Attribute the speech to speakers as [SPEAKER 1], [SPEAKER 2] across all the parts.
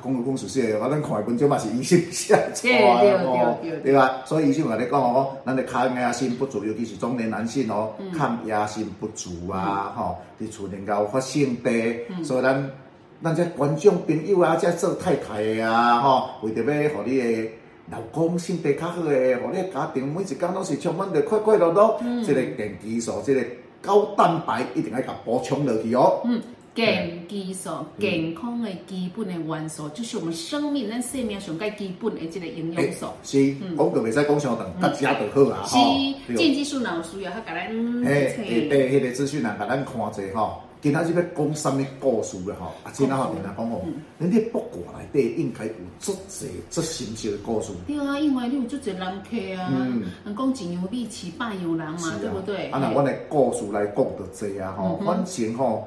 [SPEAKER 1] 講公講，公熟着我啲裁判就嘛，是醫生寫，對對對吧？所以醫生話你講喎，咱你抗壓性不足，尤其是中年男性哦，抗壓性不足啊，嗬，佇厝內發性病，所以咱，咱啲觀眾朋友啊，即做太太嘅啊，嗬，為着要互你誒老公身體較好誒，互你家庭每一工攏是充滿着快快樂樂。即個營養素，即個高蛋白一定要甲補充落去哦。
[SPEAKER 2] 健康、健康嘅基本嘅元素，就是
[SPEAKER 1] 我們生命、咱生命上介基本嘅一個營養素。是，嗯，廣告未
[SPEAKER 2] 使講上當，大家就好啊。是，健
[SPEAKER 1] 基素老師啊，他給咱誒誒，對，迄個資訊啊，給咱看下吼。今仔日要講什麼故事咧？吼，阿志阿兄，你來講哦。你哋八卦內底應該有足儕足新鮮嘅故
[SPEAKER 2] 事。對啊，因為你有足儕人客啊，人講“一樣米飼百樣人”嘛，對不對？啊，那我
[SPEAKER 1] 嘅故事來講就多啊，吼，反正吼。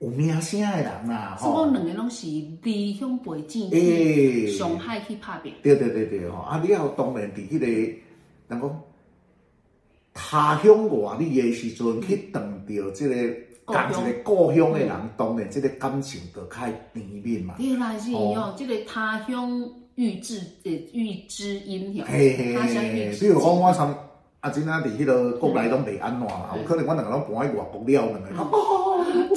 [SPEAKER 1] 有名聲的人啦，吼。這個兩
[SPEAKER 2] 個攏是離鄉背井，上海去拍
[SPEAKER 1] 片。對對對對，吼！啊，你要當然，這個，人講，他鄉外地嘅時陣去碰到這個，同一個故鄉嘅人，當然這個感情就太甜蜜嘛。對
[SPEAKER 2] 啦，是哦，這個他鄉遇知遇知音嘿嘿
[SPEAKER 1] 嘿嘿。比如講，我什麼阿姐呢？在迄個國內都未安怎啦，有可能我兩個攏搬喺外國了，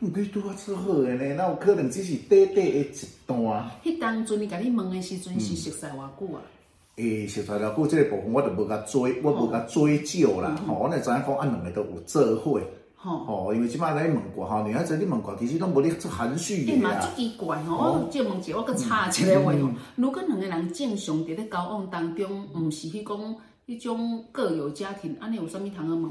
[SPEAKER 1] 唔，佮對我做好的呢？那有可能只是短短的一段。
[SPEAKER 2] 迄當陣，佮你問的時陣是熟識外久啊？
[SPEAKER 1] 誒、嗯，熟識外久，這個部分我就無甲追，哦、我無甲追究啦。吼、嗯哼哦，我知在乎阿兩個都有做好的。吼、哦哦，因為即擺來問過，吼，女孩子你問過，其實都冇啲含蓄的、啊。哎嘛，足奇怪哦！哦我借
[SPEAKER 2] 問者，我佫差一個話哦。嗯嗯、如果兩個人正常佇咧交往當中，唔、嗯、是去講，迄種各有家庭，安尼有啥物談的問？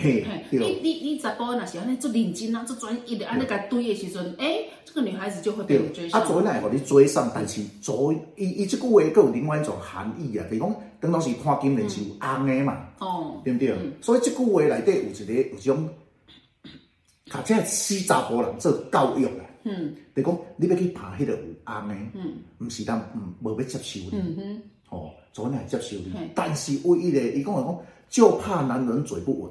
[SPEAKER 2] 嘿，你你你查甫若是安
[SPEAKER 1] 尼做認真啊，做專一啊安尼甲伊堆的時陣，誒、欸，這個女孩子就會被追上。啊，所以你追上，但是所以，伊伊即句話佫有另外一種含義啊，就講、是、當時看金人有紅的嘛，嗯哦、對不對？嗯、所以即句話內底有一個有一種，恰恰是查甫人做教育唻，嗯、就講你要去怕迄個有紅的，嗯，唔是咱唔冇要接受你，嗯哼，哦，總奈接受你，但是唯一嘞，伊講講就怕男人嘴不穩。